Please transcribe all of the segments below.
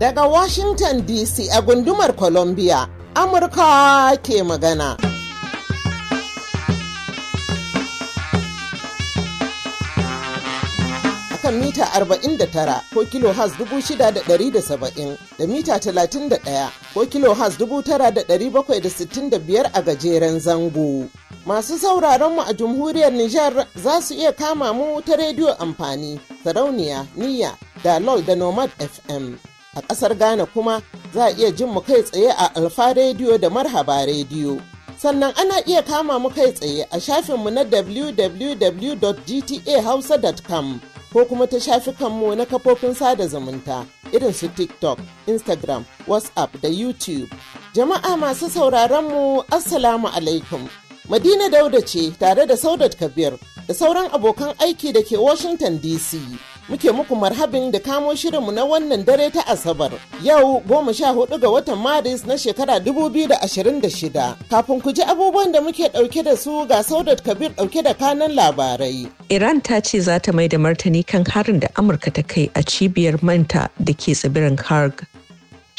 Daga Washington DC a gundumar Columbia, Amurka ke magana. mita 49 ko kilo has 6,670 da mita 31 ko kilo has 9,765 a gajeren zango. Masu sauraron mu a jamhuriyar Nijar za su iya kama mu ta rediyo amfani, sarauniya, niyya, Lol da nomad FM. A ƙasar Ghana kuma za a iya jin mu kai tsaye a Alfa rediyo da Marhaba rediyo. sannan ana iya kama mu kai tsaye a shafinmu na www.gtahausa.com ko kuma ta shafikanmu na kafofin sada zumunta irin su TikTok, Instagram, WhatsApp da YouTube. Jama'a masu sauraronmu Assalamu alaikum. Madina Dauda ce tare da Saudat Kabir da sauran abokan aiki da ke Washington DC. muke muku marhabin da kamo shirinmu na wannan dare ta Asabar. Yau goma sha hudu ga watan Maris na shekara dubu biyu da da ashirin shida. Kafin ku ji abubuwan da muke ɗauke da su ga Saudat Kabir ɗauke da kanan labarai. Iran ta ce za ta mai da martani kan harin da Amurka ta kai a cibiyar manta da ke tsibirin Karg.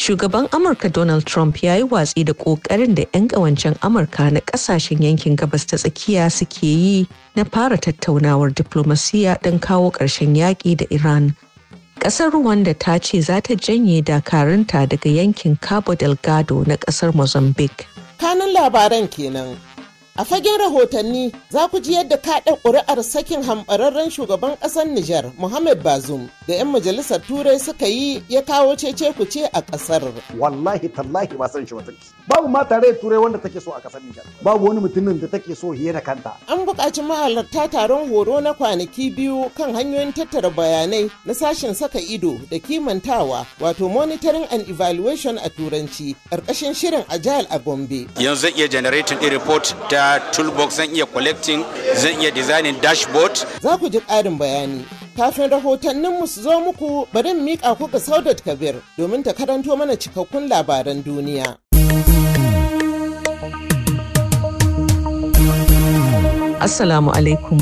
shugaban amurka donald trump ya yi watsi da ƙoƙarin da 'yan ƙawancen amurka na ƙasashen yankin gabas ta tsakiya suke yi na fara tattaunawar diplomasiya don kawo ƙarshen yaƙi da iran ƙasar rwanda ta ce za ta janye dakarunta daga yankin cabo delgado na ƙasar mozambique kanun labaran kenan A fagen rahotanni za ku ji yadda kaɗa ƙuri'ar sakin hamɓararren shugaban ƙasar Nijar Muhammad Bazoum da 'yan majalisar Turai suka yi ya kawo cece ku ce a ƙasar. Wallahi tallahi ba san shi ba babu ma tare da turai wanda take so a kasar Nijar babu wani mutumin da take so hiye da kanta an buƙaci mahalarta taron horo na kwanaki biyu kan hanyoyin tattara bayanai na sashen saka ido da kimantawa wato monitoring and evaluation a turanci ƙarƙashin shirin ajal a Gombe yanzu zan iya generating ɗin report da toolbox zan iya collecting zan iya designing dashboard za ku ji ƙarin bayani kafin rahotanninmu su zo muku bari miƙa ku ga Saudat Kabir domin ta karanto mana cikakkun labaran duniya. Assalamu alaikum.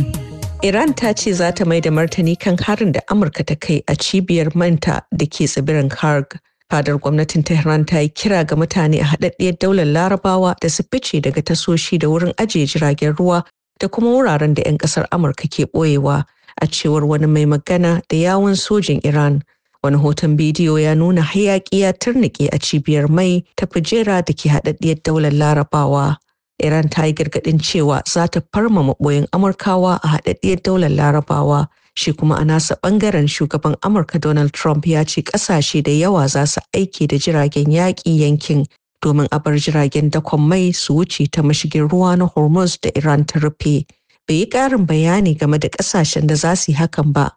Iran ta ce za ta mai da martani kan harin da Amurka ta kai a cibiyar manta da ke tsibirin Karg. Fadar gwamnatin Tehran ta yi kira ga mutane a haɗaɗɗiyar daular larabawa da su fice daga tasoshi da wurin ajiye jiragen ruwa da kuma wuraren da 'yan ƙasar Amurka ke ɓoyewa a cewar wani mai magana da yawon sojin Iran. Wani hoton bidiyo ya nuna hayaƙi ya turnike a cibiyar mai ta Fijera da ke haɗaɗɗiyar daular larabawa. Iran ta yi gargadin cewa za ta farma maɓoyin Amurkawa a haɗaɗɗiyar daular Larabawa. Shi kuma a nasa ɓangaren shugaban Amurka Donald Trump ya ce ƙasashe da yawa za su aiki da jiragen yaƙi yankin domin a bar jiragen dakon mai su wuce ta mashigin ruwa na Hormuz da Iran ta rufe. Bai yi ƙarin bayani game da ƙasashen da za su yi hakan ba.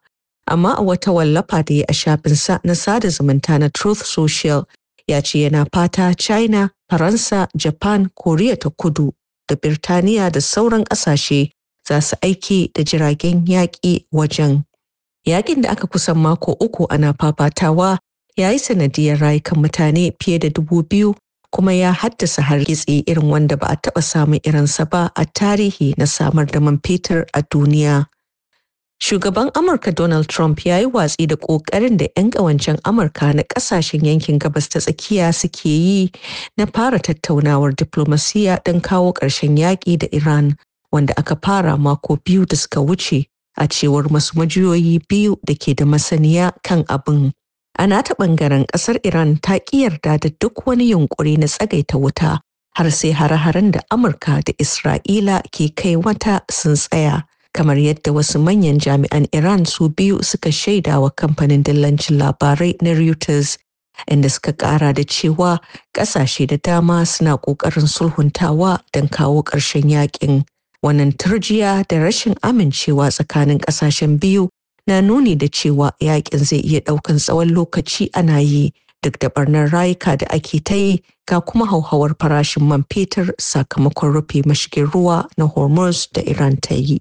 Amma a wata wallafa da ya a shafinsa na sada zumunta na Truth Social ya ce yana fata China, Faransa, Japan, Koriya ta kudu da Birtaniya da sauran ƙasashe za su aiki da jiragen yaƙi wajen. Yaƙin da aka kusan mako uku ana fafatawa ya yi sanadiyar rayukan mutane fiye da dubu biyu kuma ya haddasa hargitsi irin wanda ba a taɓa samun irinsa ba a tarihi na samar da man fetur a duniya. Shugaban Amurka Donald Trump ya yi watsi da ƙoƙarin da 'yan ƙawancen Amurka na ƙasashen yankin gabas ta tsakiya suke yi na fara tattaunawar diplomasiya don kawo ƙarshen yaƙi da Iran wanda aka fara mako biyu da suka wuce a cewar masu majiyoyi biyu da ke da masaniya kan abin. Ana nata ɓangaren ƙasar Iran ta ƙi yarda da duk wani yunƙuri na tsagaita wuta har sai hare-haren da Amurka da Isra'ila ke kai wata sun tsaya. kamar yadda wasu manyan jami'an Iran su biyu suka shaida wa kamfanin dillancin labarai na Reuters inda suka kara da cewa ƙasashe da dama suna ƙoƙarin sulhuntawa don kawo ƙarshen yakin. Wannan turjiya da rashin amincewa tsakanin ƙasashen biyu na nuni da cewa yakin zai iya ɗaukan tsawon lokaci ana yi duk da barnar rayuka da ake ta yi ga kuma hauhawar farashin man fetur sakamakon rufe mashigin ruwa na hormuz da iran ta yi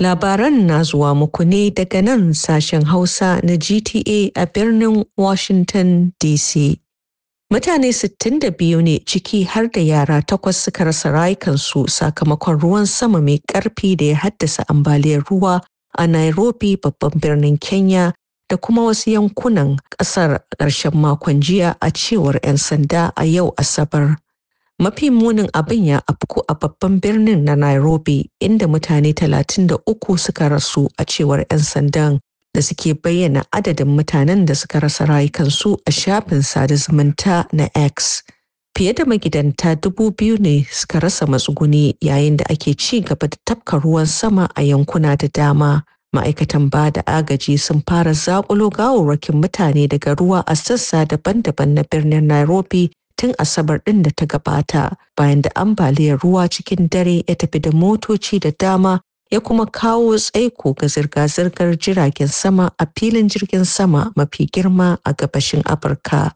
Labaran na zuwa muku ne daga nan sashen Hausa na GTA a birnin Washington DC. Mutane 62 ne ciki har da yara takwas suka rasa rayukansu sakamakon ruwan sama mai ƙarfi da ya haddasa ambaliyar ruwa a Nairobi babban birnin Kenya da kuma wasu yankunan ƙasar ƙarshen makon jiya a cewar 'yan sanda a yau Asabar. Mafi munin abin ya afku a babban birnin na Nairobi inda mutane 33 suka rasu a cewar 'yan sandan da suke bayyana adadin mutanen da suka rasa rayukansu a shafin sada zumunta na X. Fiye da magidanta dubu biyu ne suka rasa matsuguni yayin da ake ci gaba da tafka ruwan sama a yankuna da dama. Ma'aikatan ba da agaji sun fara zakulo gawarwakin mutane daga ruwa a sassa daban-daban na birnin Nairobi tun asabar ɗin da ta gabata bayan da ambaliyar ruwa cikin dare ya tafi da motoci da dama ya kuma kawo tsaiko ga zirga-zirgar jiragen sama a filin jirgin sama mafi girma a gabashin Afirka.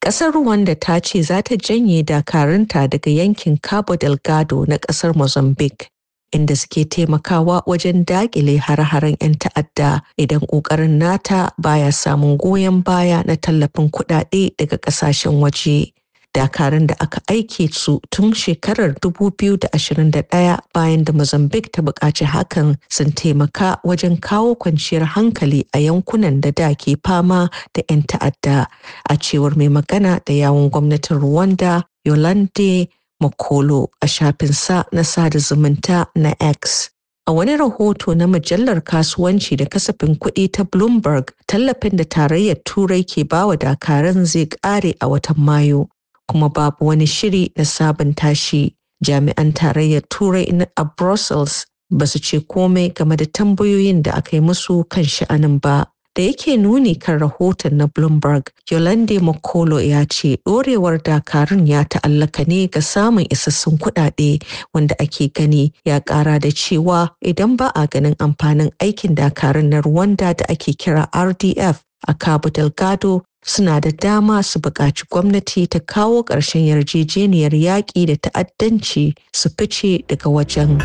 Ƙasar Rwanda ta ce za ta janye dakarunta daga yankin Cabo Delgado na ƙasar Mozambique inda suke taimakawa wajen dakile hare-haren 'yan ta'adda idan ƙoƙarin nata baya samun goyon baya na tallafin kuɗaɗe daga ƙasashen waje. dakarun da aka aike su tun shekarar 2021 bayan da Mozambique ta buƙaci hakan sun taimaka wajen kawo kwanciyar hankali a yankunan da da ke fama da 'yan ta'adda a cewar mai magana da yawon gwamnatin Rwanda Yolande Makolo a shafin sa na sada zumunta na X. A wani rahoto na mujallar kasuwanci da kasafin kuɗi ta Bloomberg, tallafin da tarayyar Turai ke bawa dakaran zai ƙare a watan Mayu, kuma babu wani shiri na sabunta shi. Jami'an tarayyar Turai a Brussels ba su ce komai game da tambayoyin da aka yi musu kan sha'anin ba. da yake nuni kan rahoton na bloomberg yolande Mokolo ya ce ɗorewar dakarun ya ta'allaka ne ga samun isassun kuɗaɗe wanda ake gani ya ƙara da cewa idan ba a ganin amfanin aikin dakarun na rwanda da ake kira rdf a cabo delgado suna da dama su buƙaci gwamnati ta kawo ƙarshen yarjejeniyar yaƙi da ta'addanci su fice daga wajen.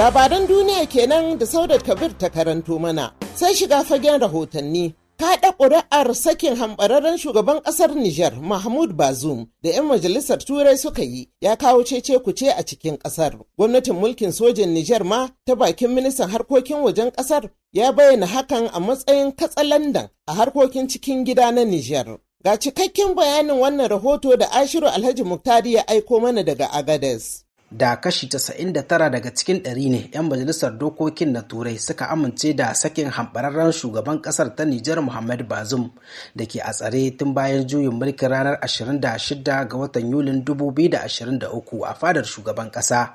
Labaran duniya kenan da Saudat Kabir ta karanto mana. Sai shiga fagen rahotanni. Kaɗa ƙuri'ar sakin hambararren shugaban ƙasar Nijar Mahmud Bazoum da 'yan majalisar Turai suka yi ya kawo cece kuce a cikin ƙasar. Gwamnatin mulkin sojin Nijar ma ta bakin ministan harkokin wajen ƙasar ya bayyana hakan a matsayin katsalandan a harkokin cikin gida na Nijar. Ga cikakken bayanin wannan rahoto da Ashiru Alhaji Muktari ya aiko mana daga Agades. da kashi 99 daga cikin ɗari ne 'yan majalisar dokokin na turai suka amince da sakin hambararren shugaban ƙasar ta Nijar Muhammad Bazum da ke a tsare tun bayan juyin mulkin ranar 26 ga watan Yulin 2023 a fadar shugaban ƙasa.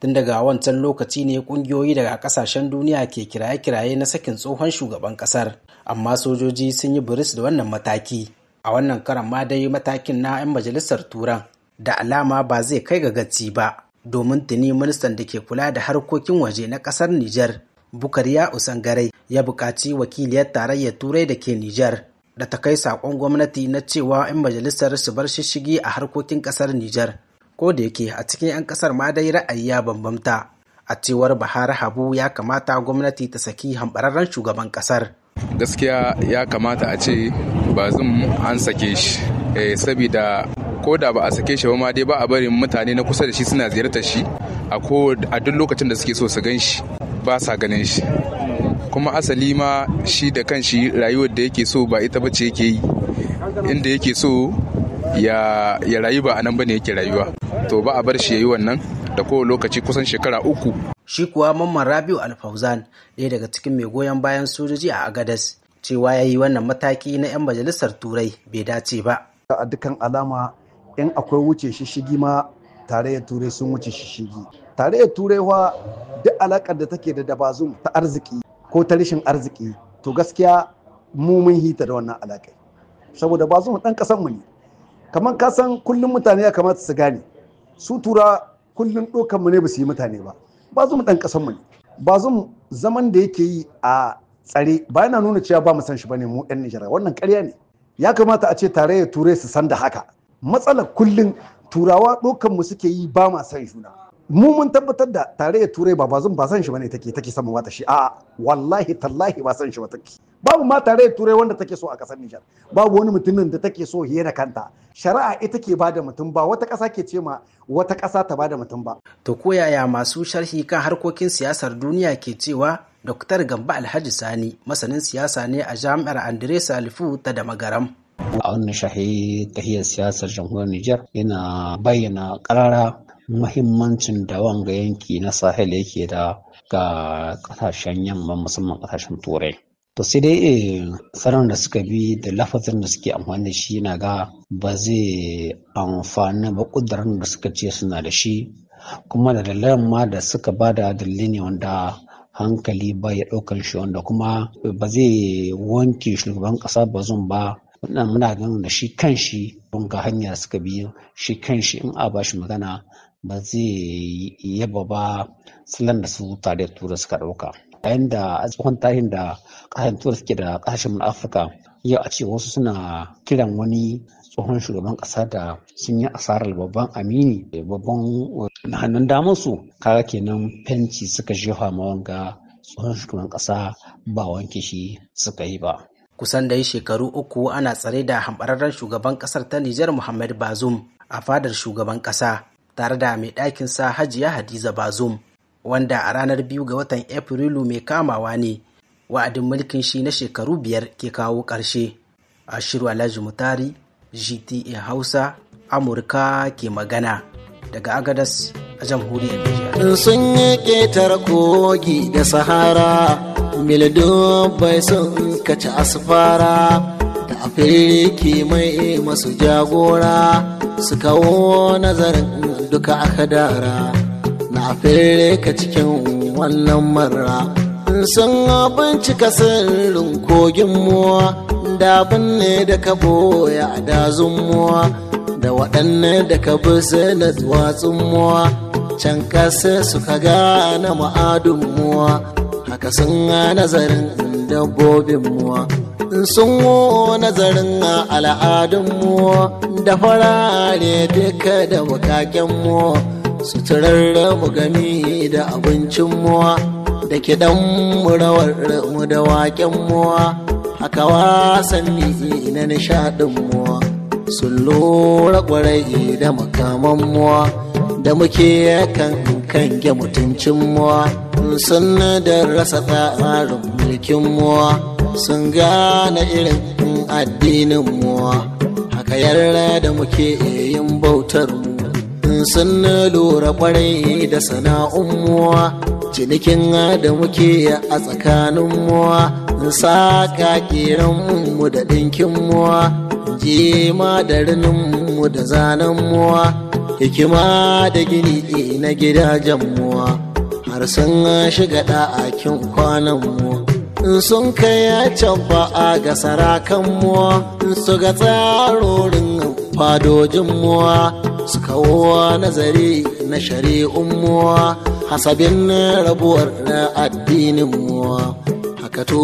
Tun daga wancan lokaci ne ƙungiyoyi daga ƙasashen duniya ke kiraye-kiraye na sakin tsohon shugaban ƙasar. amma sojoji sun yi buris da wannan mataki. A wannan karan ma dai matakin na 'yan majalisar Turan da alama ba zai kai ga gaci ba. domin tuni ministan da ke kula da harkokin waje na kasar Nijar Bukariya Usangarai ya buƙaci wakiliyar tarayyar Turai da ke Nijar da ta kai saƙon gwamnati na cewa 'yan majalisar su bar shishigi a harkokin ƙasar Nijar. Ko da yake a cikin 'yan ƙasar ma dai ra'ayi ya bambamta. A cewar Bahar Habu ya kamata gwamnati ta saki hambararren shugaban ƙasar. Gaskiya ya kamata a ce zan an sake shi. Eh, sabida ko da ba a sake shi ba ma dai ba a barin mutane na kusa da shi suna ziyartar shi a duk lokacin da suke so su gan shi ba sa ganin shi kuma asali ma shi da kanshi rayuwar da yake so ba ita bace yake yi inda yake so ya, ya rayu ba anan bane yake rayuwa to ba a bar shi yayi wannan da ko lokaci kusan shekara uku shi kuwa mamman rabiu alfauzan ɗaya daga cikin mai goyon bayan sojoji a agadas cewa ya yi wannan mataki na 'yan majalisar turai bai dace ba a dukkan alama in akwai wuce shishigi ma tare ya turai sun wuce shishigi tarayyar turai wa duk alakar da take da dabazun ta arziki ko ta rashin arziki to gaskiya mu mun hita da wannan alakai saboda bazum dan kasan mu ne kamar ka san kullum mutane ya kamata su gane su tura kullum dokan mu ne ba su yi mutane ba bazum dan kasan mu ne bazum zaman da yake yi a tsare ba yana nuna cewa ba mu san shi bane mu yan Nijar wannan ƙarya ne ya kamata a ce tare tarayyar turai su san da haka Matsala kullum turawa dokan mu suke yi ba ma san juna mu mun tabbatar da tare da turai ba ba san shi bane take take sama mata shi a'a wallahi tallahi ba san shi ba take babu ma tare da turai wanda take so a kasar Nijar babu wani mutumin da take so hiye da kanta shari'a ita ke bada mutum ba wata ƙasa ke ce wata ƙasa ta bada mutum ba to ko masu sharhi kan harkokin siyasar duniya ke cewa Dr. Gamba Alhaji Sani masanin siyasa ne a jami'ar Andre Salifu ta Damagaram a wannan shahi tahiyar siyasar jamhuriyar Nijar yana bayyana karara muhimmancin da wanga yanki na sahel yake da ga kasashen yamma musamman kasashen turai to sai dai eh, tsaron da suka bi da lafazin da suke amfani da shi na ga ba zai amfani ba kudurin da suka ce suna da shi kuma da dalilan ma da suka ba da dalili ne wanda hankali ba ya ɗaukan shi wanda kuma ba zai wanke shugaban ƙasa bazun ba wannan muna ganin da shi kan shi ga hanyar suka biyu shi kan shi in a shi magana ba zai yaba ba salon da su tare tura suka ɗauka yayin da a tsohon tarihin da ƙasashen tura suke da ƙasashen afirka yau a ce wasu suna kiran wani tsohon shugaban ƙasa da sun yi asarar babban amini babban na eh, hannun damar su kaga kenan fenti suka jefa ma tsohon shugaban ƙasa ba wanke shi suka yi ba kusan da yi shekaru uku ana tsare da hambararren shugaban kasar ta Nijar Muhammad Bazum a fadar shugaban kasa tare da mai ɗakin sa Hajiya Hadiza Bazum wanda a ranar biyu ga watan Afrilu mai kamawa ne wa'adin mulkin shi na shekaru biyar ke kawo ƙarshe. Ashiru Alhaji Mutari, GTA Hausa, Amurka ke magana daga Agadas a jamhuriyar Nijar. Sun yi ƙetar kogi da Sahara bai son sun ci asfara da afiriki mai masu jagora su kawo nazarin duka aka dara na afirka cikin wannan mara. sun bincika sun kogin muwa da ne da ka boya a dazun muwa da waɗannan da ka bi na duwatsun muwa can kasa suka gane ma'adun muwa haka sun nazarin dabbobin mu. sun nazarin a al'adunmu da farare duka da bukakenmu suturar mu gami da abincinmu da kiɗan mu rawar mu da waƙenmu haka wasanni na nishaɗinmu sun lura ƙwarai da makamanmu da muke kan kange mutuncin muwa sun da rasa tsarin mulkin muwa sun gane irin addinin muwa haka yarra da muke yin bautar sun lura kwarai da sana'un muwa cinikin da muke a tsakanin muwa saƙa kiran mu da ɗinkin muwa ke ma da zanen muwa hikima da gini na gidajen muwa har sun shiga kin kwanan mu in sun kai ba a ga sarakan muwa in su ga tsarorin fadojin muwa su kawo nazari na shari'un muwa hasabin rabuwar na addinin muwa haka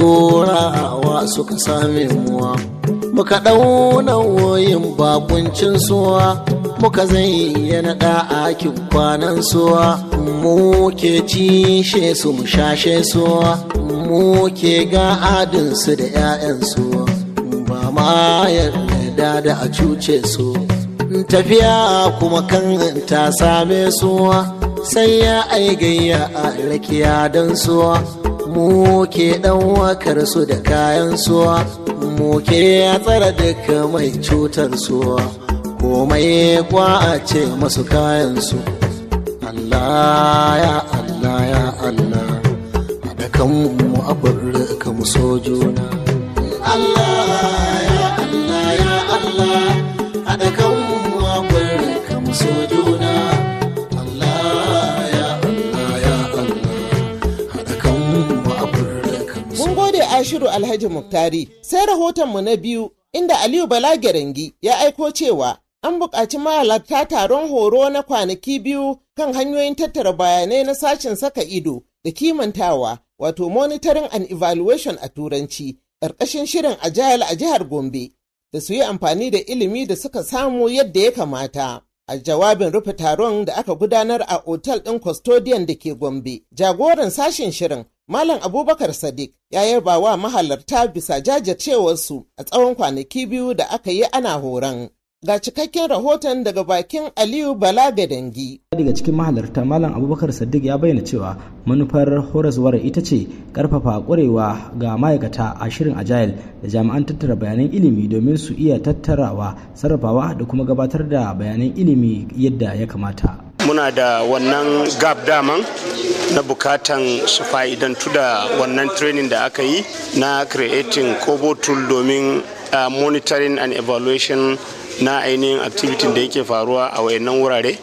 wa suka same muwa muka ɗau wayin bakuncin suwa muka zayyana kin kwanan suwa mu ke cishe su mu shashe suwa mu ke ga su da ƴaƴan su ba ma yarda da a cuce su tafiya kuma kan ta same suwa sai ya ai gayya a rakiya don suwa mu ke ɗan wakar su da kayan suwa muke ya tsara duka mai cutar suwa komai kwa a ce masu kayansu Allah ya Allah ya Allah da kanmu a ka mu so juna Allah ya Allah ya Allah da kanmu a ka mu so juna Alhaji Muktari. Sai rahotonmu na biyu inda Aliyu Bala Gerengi ya aiko cewa an buƙaci mahalarta taron horo na kwanaki biyu kan hanyoyin tattara bayanai na sashen saka ido da kimantawa wato monitoring and evaluation a turanci ƙarƙashin shirin ajayal a jihar Gombe da su yi amfani da ilimi da suka samu yadda ya kamata. A jawabin rufe taron da aka gudanar a otal ɗin custodian da ke Gombe, jagoran sashen shirin Malam Abubakar Sadiq ya yaba wa mahalarta bisa jajircewarsu a tsawon kwanaki biyu da aka yi ana horon. Ga cikakken rahoton daga bakin Aliyu Bala ga Gadangi. Daga cikin mahalarta Malam Abubakar Sadiq ya bayyana cewa manufar horaswar ita ce karfafa kwarewa ga ma'aikata a shirin ajayil da jami'an tattara bayanan ilimi domin su iya tattarawa, sarrafawa da kuma gabatar da bayanan ilimi yadda ya kamata. muna da wannan gab daman na bukatan su fa'idantu da wannan training da aka yi na creating kobo tool domin uh, monitoring and evaluation na ainihin activity da yake faruwa a wayannan wurare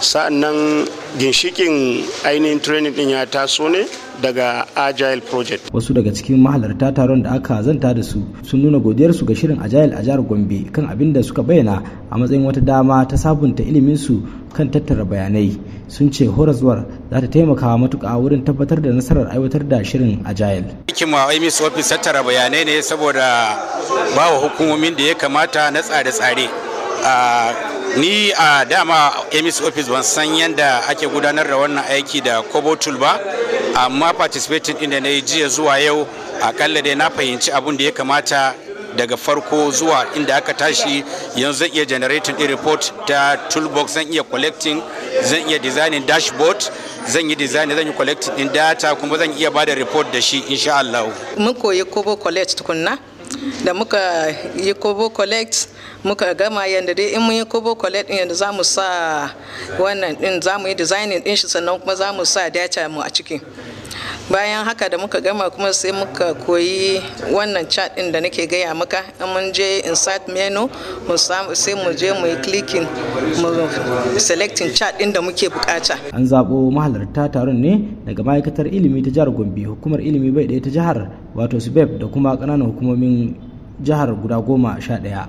sa'annan ginshikin ainihin training din ya taso ne daga agile project wasu daga cikin mahalarta taron da aka zanta da su sun nuna godiyarsu ga shirin agile a jihar gombe kan abin da suka bayyana a matsayin wata dama ta sabunta iliminsu kan tattara bayanai sun ce horaswar za ta taimaka matuka wurin tabbatar da nasarar aiwatar da shirin agile hikima miss office tattara bayanai ne saboda bawa hukumomin da ya kamata na tsare-tsare ah, ni a dama emis office ban san yadda ake gudanar da wannan aiki da kobotul ba amma participating inda na yi jiya zuwa yau akalla dai na fahimci abin da ya kamata daga farko zuwa inda aka tashi yanzu zan iya generating a report ta toolbox zan iya collecting zan iya designing dashboard zan yi design zan yi collecting din data kuma zan iya bada report da shi insha Allah mun koyi kobo collect tukunna da muka yi kobo collect muka gama yadda dai in muyi kobo kwalet din yadda za mu sa wannan din za mu yi designing din shi sannan kuma za mu sa data mu a ciki bayan haka da muka gama kuma sai muka koyi wannan chat din da nake gaya maka in mun je insert menu mu sai mu je mu yi clicking mu selecting chat din da muke bukata an zabo mahalarta taron ne daga ma'aikatar ilimi ta jihar Gombe hukumar ilimi bai ɗaya ta jihar wato SBEB da kuma ƙananan hukumomin jihar guda goma sha ɗaya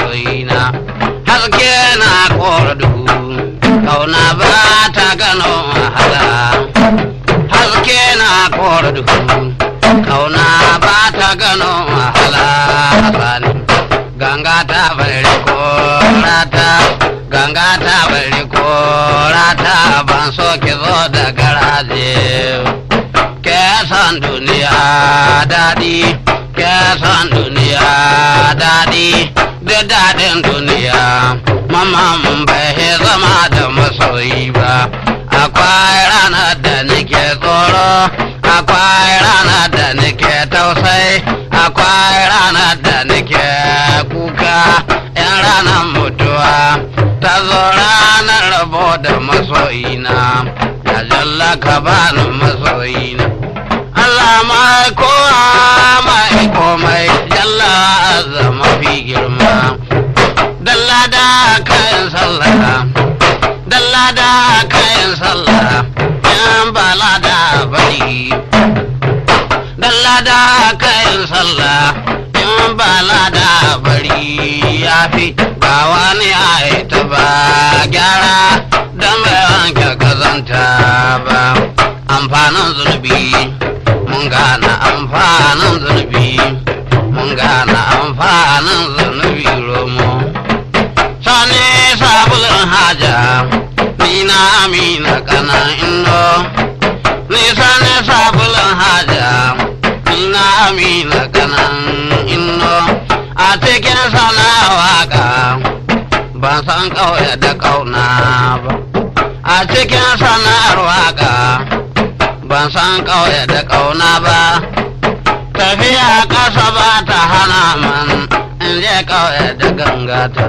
masoyina haske na kora duhu kauna ba ta gano wahala haske na kora duhu kauna ba ta gano wahala hasani ganga ta bari rata ganga ta bari rata ban so ki zo da garaje ke san duniya daɗi ke san duniya daɗi daɗin duniya mama mun bai zama da masoyi ba akwai rana da nake tsoro akwai rana da nake tausai akwai rana da nake kuka yan ranar mutuwa ta zo ranar rabo da masoyina da jalla ka bani masoyina komai jalla zama fi girma dalla da kayan sallah dalla da kayan sallah yan bala da bari dalla da kayan sallah yan bala da bari ya fi ba wani aita ba gyara don bai wanke kazanta ba amfanin zunubi mun gana amfanin zunubi amina kana indo nisa ne sabulan haja ina amina kana indo a cikin sanawa ka ban san kawai da kauna ba a cikin sana'ar waka ban san kawai da kauna ba tafiya ƙasa ba ta hana man in je kawai da gangata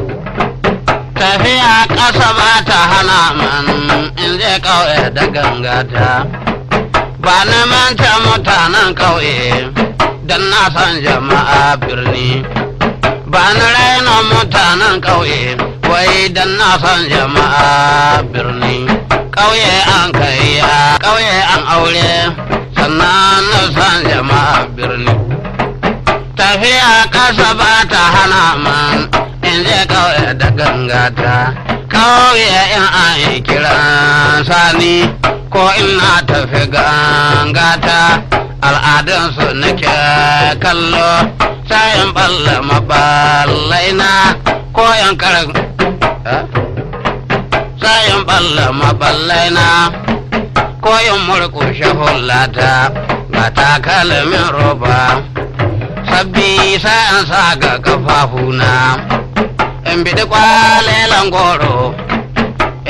tafiya ƙasa ba ta hana man in zai ƙauye da gangata ba na manta mutanen ƙauye don na san jama'a birni ba na raina mutanen ƙauye wai don na san jama'a birni ƙauye an kariya ƙauye an aure sannan na san jama'a birni tafiya ƙasa ba ta hana man in je kauye da gangata kauye in an kira sani ko ina tafi gangata al'adunsu nake kallo sai in balla maballaina ko yan karin sai in balla maballaina ko in eh? murkushe ta ba takalmin roba sabbi sai sa ga kafafuna in biɗi kwalelan goro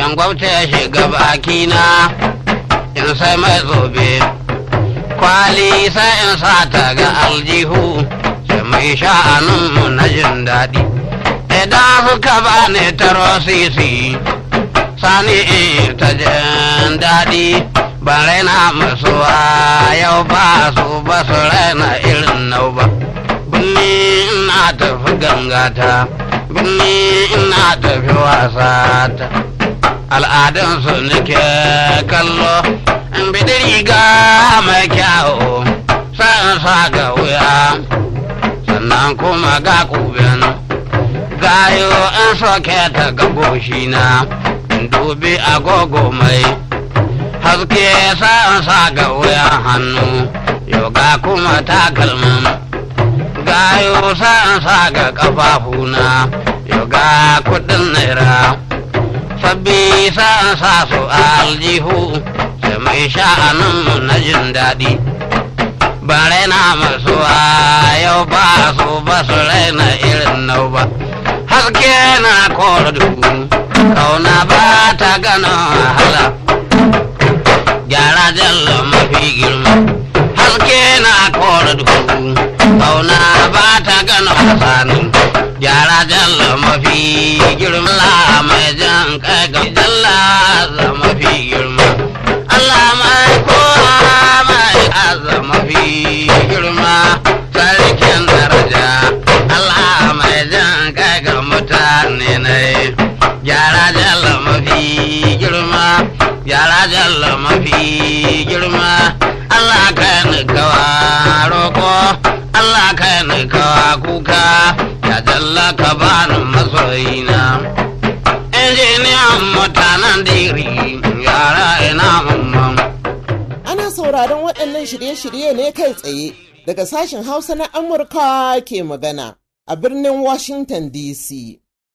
in gwabta ya shiga bakina in sai mai zobe kwali sai in sa ta ga aljihu sai mai sha'anin na jin daɗi idan suka ba ni taro sisi sani ta jin daɗi ba raina masu yau ba su ba su raina irin nau ba bunni ina tafi gangata binni ina tafi wasa ta al'adunsu nake kallo in bidi riga mai kyawo sa'in sa ga wuya sannan kuma ga kubin gayo in soke ta ga na dubi agogo mai haske sa'in sa ga wuya hannu yau ga kuma takalmin gayo sa'an sa ga kafafuna yau ga kudin naira sabbi sa'an sa su aljihu sai mai sha'anin na jin daɗi ba raina masu yau ba su ba su raina irin nau ba haske na kora kauna ba ta gano wahala gyara jalla mafi girma kauna ba ta gano sanu gyara jalla mafi girma mai jan kai ga jalla za mafi girma Allah mai kowa mai azza mafi girma sarkin daraja Allah mai jan kai ga mutane ne gyara jalla mafi girma gyara jalla mafi girma ka kuka ya jalla ka masoyina injiniyan mutanen diri yara ina mamman ana sauraron waɗannan shirye-shirye ne kai tsaye daga sashen hausa na amurka ke magana a birnin washington dc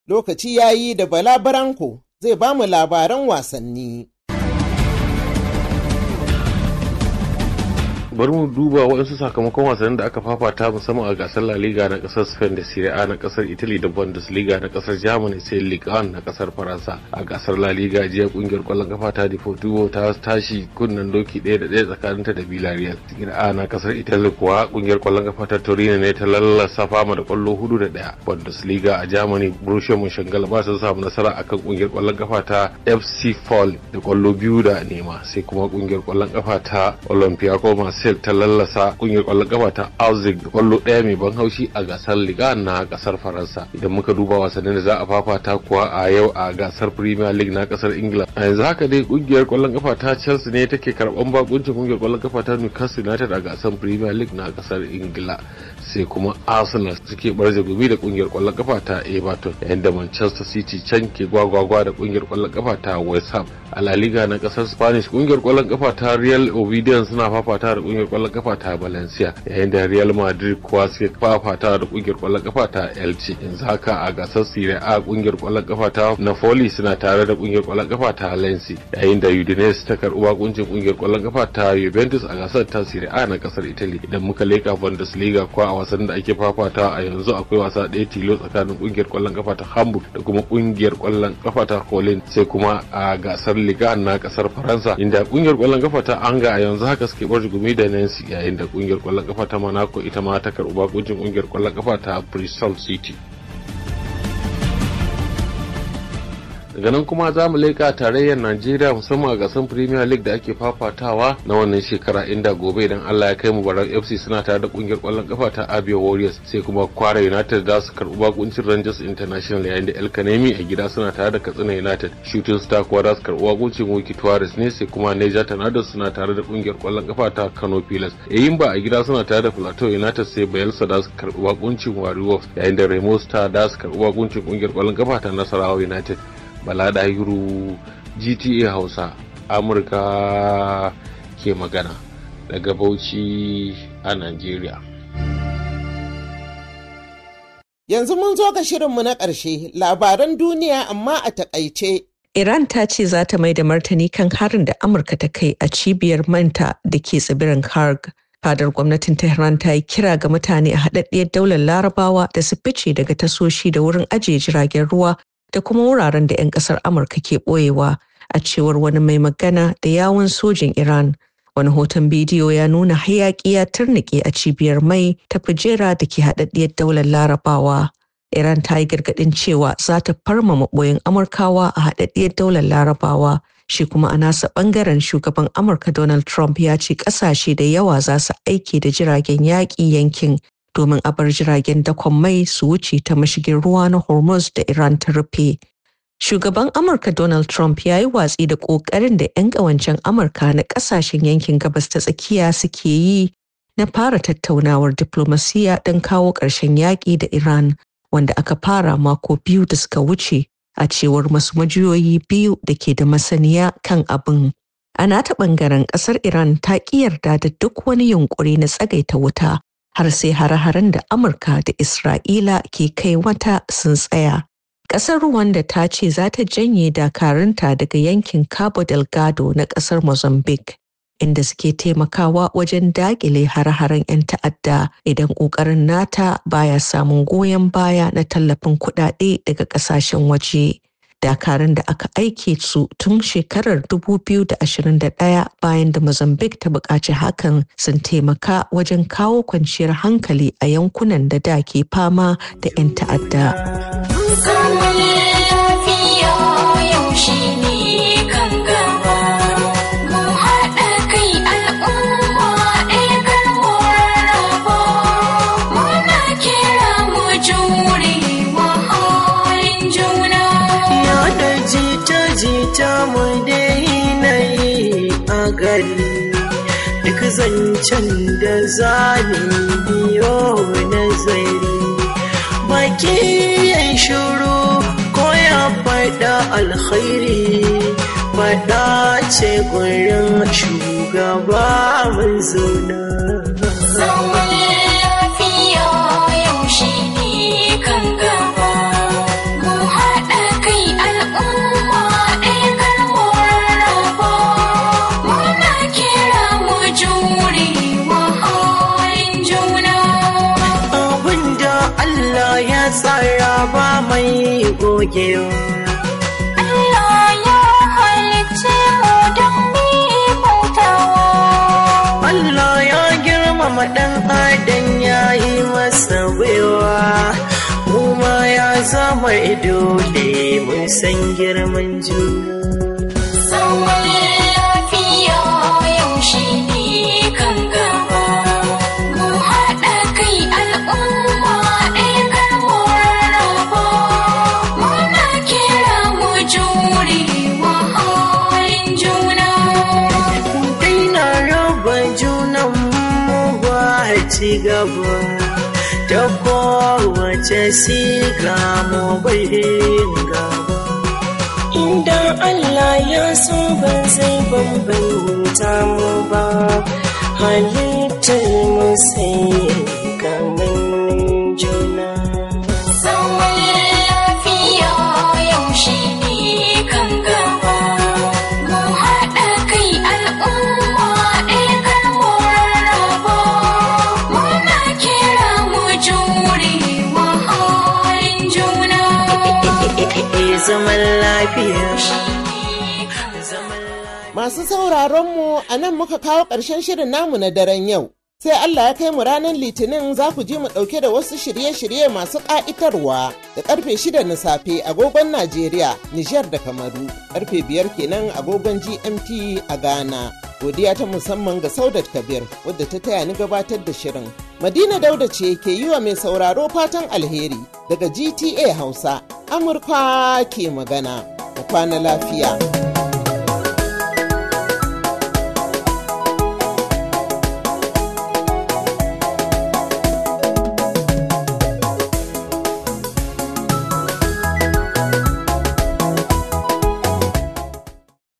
lokaci ya yi da bala baranko zai ba mu labaran wasanni bari mu duba waɗansu sakamakon wasannin da aka fafata musamman a gasar La Liga na kasar Spain da Serie A na kasar Italy da Bundesliga na kasar Germany sai Ligue na kasar Faransa. A gasar La Liga jiya ƙungiyar kwallon kafa ta Deportivo ta tashi kunnen doki ɗaya da ɗaya ta da Villarreal. Serie A na ƙasar Italy kuwa ƙungiyar ƙwallon kafa ta Torino ne ta lallasa fama da ƙwallo hudu da ɗaya. Bundesliga a Germany Borussia Mönchengladbach sun samu nasara akan kungiyar ƙwallon kafa ta FC Fall da kwallo biyu da nema sai kuma ƙungiyar kwallon kafa ta Olympiacos marseille ta lallasa kungiyar kwallon kafa ta auxig kwallo daya mai ban haushi a gasar liga na kasar faransa idan muka duba wasannin da za a fafata kuwa a yau a gasar premier league na kasar ingila a yanzu haka dai kungiyar kwallon kafa ta chelsea ne take karban bakuncin kungiyar kwallon kafa ta newcastle united a gasar premier league na kasar ingila sai kuma arsenal suke barje gumi da kungiyar kwallon kafa ta everton yayin da manchester city can ke gwagwagwa da kungiyar kwallon kafa ta west ham a la liga na kasar spanish kungiyar kwallon kafa ta real obedience suna fafata da kungiyar kwallon kafa ta Valencia yayin da Real Madrid kuwa suke fafata da kungiyar kwallon kafa ta Elche yanzu haka a gasar Serie A kungiyar kwallon kafa ta Napoli suna tare da kungiyar kwallon kafa ta Lensi yayin da Udinese ta karɓi bakuncin kungiyar kwallon kafa ta Juventus a gasar ta Serie A na kasar Italy idan muka leka Bundesliga kuwa a wasan da ake fafata a yanzu akwai wasa ɗaya tilo tsakanin kungiyar kwallon kafa ta Hamburg da kuma kungiyar kwallon kafa ta Colin sai kuma a gasar Liga na kasar Faransa inda kungiyar kwallon kafa ta Anga a yanzu haka suke bar da Belenensi yayin da kungiyar kwallon kafa ta Monaco ita ma ta karɓi bakuncin kungiyar kwallon kafa ta Bristol City. ganin kuma za mu leƙa tarayyar najeriya musamman a gasar premier league da ake fafatawa na wannan shekara inda gobe idan allah ya kai mu barar fc suna tare da kungiyar kwallon kafa ta abia warriors sai kuma kwara united za su karɓi bakuncin rangers international yayin da el kanemi a gida suna tare da katsina united shooting star kuwa za su karɓi bakuncin wiki tuwaris ne sai kuma niger tanado suna tare da kungiyar kwallon kafa ta kano pilas yayin ba a gida suna tare da plateau united sai bayelsa da su karɓi bakuncin warriors yayin da remo star da su karɓi bakuncin kungiyar kwallon kafa ta nasarawa united bala dahiru gta hausa amurka ke magana daga bauchi a nigeria yanzu mun zo ga shirinmu na ƙarshe labaran duniya amma a takaice Iran ta ce za ta mai da martani kan harin da Amurka ta kai a cibiyar manta da ke tsibirin Harg. Fadar gwamnatin Tehran ta yi kira ga mutane a haɗaɗɗiyar daular larabawa da su fice daga tasoshi da wurin ajiye jiragen ruwa da kuma wuraren da 'yan kasar Amurka ke ɓoyewa a cewar wani mai magana da yawon sojin Iran. Wani hoton bidiyo ya nuna hayaƙi ya turnike a cibiyar mai ta Fijera da ke haɗaɗɗiyar daular Larabawa. Iran ta yi gargaɗin cewa za ta farma maɓoyin Amurkawa a haɗaɗɗiyar daular Larabawa. Shi kuma a nasa ɓangaren shugaban Amurka Donald Trump ya ce ƙasashe da yawa za su aiki da jiragen yaƙi yankin domin a bar jiragen dakon mai su wuce ta mashigin ruwa na Hormuz da Iran ta rufe. Shugaban Amurka Donald Trump ya yi watsi da kokarin da 'yan ƙawancen Amurka na ƙasashen yankin gabas ta tsakiya suke yi na fara tattaunawar diplomasiya don kawo ƙarshen yaƙi da Iran wanda aka fara mako biyu da suka wuce a cewar masu majiyoyi biyu da ke da masaniya kan abin. A nata ɓangaren ƙasar Iran ta ƙi yarda da duk wani yunƙuri na tsagaita wuta har sai hare da Amurka da Isra'ila ke kai wata sun tsaya. Ƙasar Rwanda ta ce za ta janye dakarunta daga yankin Cabo Delgado na ƙasar Mozambique, inda suke taimakawa wajen daƙile hare-haren 'yan ta'adda idan ƙoƙarin nata baya samun goyon baya na tallafin kuɗaɗe daga ƙasashen waje. dakarun da aka aike su tun shekarar 2021 bayan da mozambique ta buƙaci hakan sun taimaka wajen kawo kwanciyar hankali a yankunan da da ke fama da 'yan ta'adda. ta mu daina yi a gari duk zancen da zalim biyo na baki ya shiru ko ya faɗa alkhairi faɗa ce gurin shugaba mai zauna ba mai gogewa. Allah ya ya yi masa baiwa. Kuma ya zama ido mun san girman juna. ce gamo mu bai hinga Idan Allah ya so ba zai bambanta mu ba, halittar mu sai kamannin juna. zaman lafiya. Masu sauraronmu a nan muka kawo ƙarshen shirin namu na daren yau, sai Allah ya kai mu ranar litinin za ku ji mu ɗauke da wasu shirye-shirye masu ƙa'itarwa da karfe shida na safe agogon Najeriya, Nijar da Kamaru, Karfe biyar kenan agogon GMT a Ghana. Godiya ta musamman ga Saudat Kabir wadda ta taya ni gabatar da shirin. Madina Dauda ce ke yi wa mai sauraro fatan alheri daga GTA Hausa, Amurka ke magana. Da kwana lafiya.